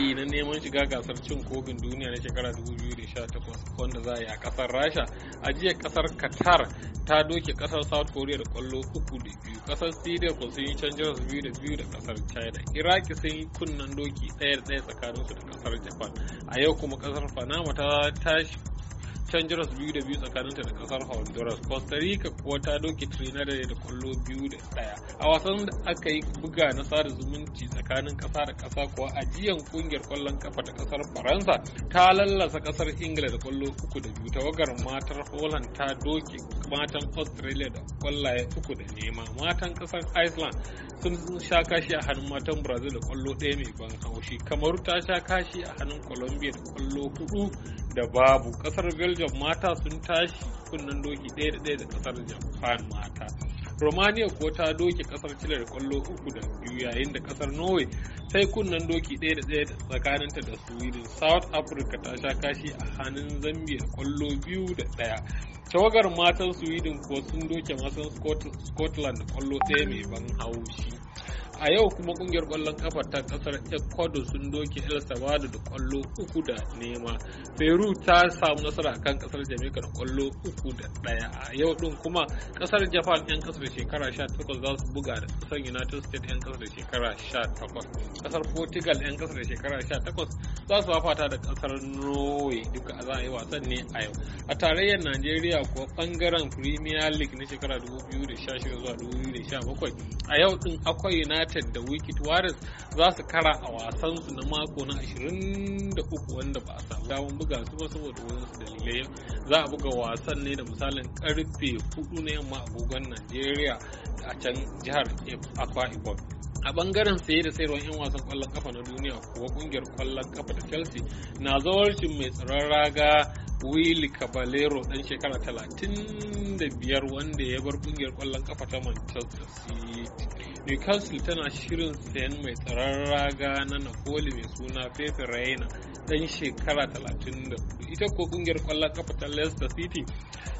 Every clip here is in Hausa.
yi na neman shiga gasar cin kofin duniya na shekara 2018 wanda za a yi a kasar rasha a jiya kasar qatar ta doke kasar south korea da kwallo 3 da biyu kasar syria ko sun yi canjar biyu da biyu da kasar china iraki sun yi kunnen doki ɗaya da ɗaya tsakaninsu da kasar japan a yau kuma kasar panama ta tashi Honduras biyu da biyu tsakaninta da kasar Honduras. Costa Rica kuwa ta doke Trinidad da kwallo biyu da ɗaya. A wasan da aka yi buga na sada zumunci tsakanin kasa da kasa kuwa ajiyan kungiyar kwallon kafa da kasar Faransa ta lallasa kasar Ingila da kwallo uku da biyu. Tawagar matar Holland ta doke matan Australia da kwallaye uku da nema. Matan kasar Iceland sun sha kashi a hannun matan Brazil da kwallo ɗaya mai ban haushi. Kamaru ta sha kashi a hannun Colombia da kwallo hudu da babu kasar belgium mata sun tashi kunnen doki ɗaya da ɗaya da kasar japan mata romania kuwa ta doke kasar chile da kwallo uku da biyu yayin da kasar norway sai kunnen doki ɗaya da ɗaya tsakaninta da sweden south africa ta sha kashi a hannun zambia kwallo biyu da ɗaya tawagar matan sweden ko sun doke matan scotland kwallo ɗaya mai ban haushi a yau kuma kungiyar kwallon kafa ta kasar ecuador sun doke el salvador da kwallo uku da nema peru ta samu nasara kan kasar jamaica da kwallo uku da daya a yau din kuma kasar japan yan kasar shekara 18 za su buga da kasar united states yan kasar shekara 18 kasar portugal yan kasar shekara 18 za su fafata da kasar norway duka a za a yi wasan ne a yau a tarayyar najeriya kuwa bangaren premier league na shekara 2016 zuwa 2017 a yau din akwai united United da Wicked Warriors za su kara a wasan su na mako na 23 wanda ba a samu damar buga su ba saboda wasu dalilai za a buga wasan ne da misalin karfe 4 na yamma agogon Najeriya a can jihar Akwa Ibom. a bangaren saye da sayarwar 'yan wasan kwallon kafa na duniya kuwa kungiyar kwallon kafa ta chelsea na zawarcin mai tsaron raga willy caballero dan shekara 35 wanda ya bar kungiyar kwallon kafa ta manchester city newcastle tana shirin sayan mai tsaron raga na napoli mai suna pepe reina dan shekara 34 ita ko kungiyar kwallon kafa ta leicester city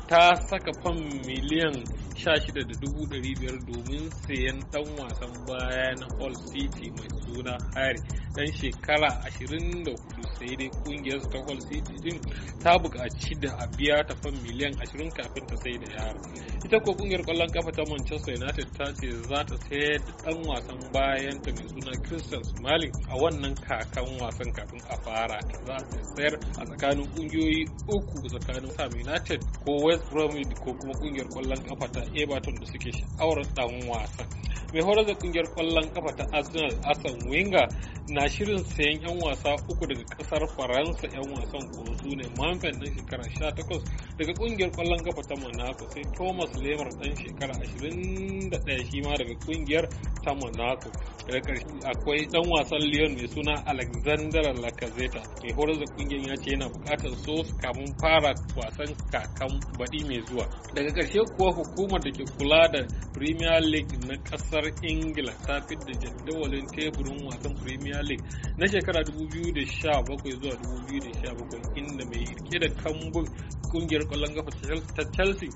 ta saka fam miliyan 16,500 domin sayan dan wasan baya na Hull City mai suna Hari dan shekara 24 sai dai kungiyar ta Hull City din ta buƙaci da a biya ta fan miliyan 20 kafin ta sai da yaron. Ita ko kungiyar ƙwallon kafa ta Manchester United ta ce za ta sayar da ɗan wasan bayan ta mai suna Christian Smalling a wannan kakan wasan kafin a fara ta za ta sayar a tsakanin kungiyoyi uku tsakanin Sam United ko West Bromwich ko kuma kungiyar ƙwallon kafa ta Everton da suke sha'awar ɗan wasan. mai horar da kungiyar kwallon kafa ta arsenal asan wenger na shirin sayan 'yan wasa uku daga kasar faransa yan wasan kuma su ne manfan ɗan shekara 18 daga kungiyar kwallon kafa ta monaco sai thomas lemar ɗan shekara 21 shi ma daga kungiyar ta monaco daga ƙarshe akwai ɗan wasan lyon mai suna alexander lacazette mai horar da kungiyar ya ce yana buƙatar so kamun fara wasan kakan baɗi mai zuwa daga karshe kuwa hukumar da ke kula da premier league na ƙasar ingila ta fidda jadawalin teburin wasan premier league na shekara 2017 zuwa 2017 inda mai rike da kambun kungiyar kwallon kafa ta Chelsea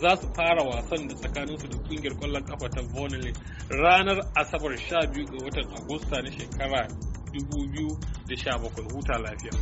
za su fara wasan da tsakaninsu da kungiyar kwallon kafa ta Burnley ranar Asabar 12 ga watan Agusta na shekara 2017 huta lafiya.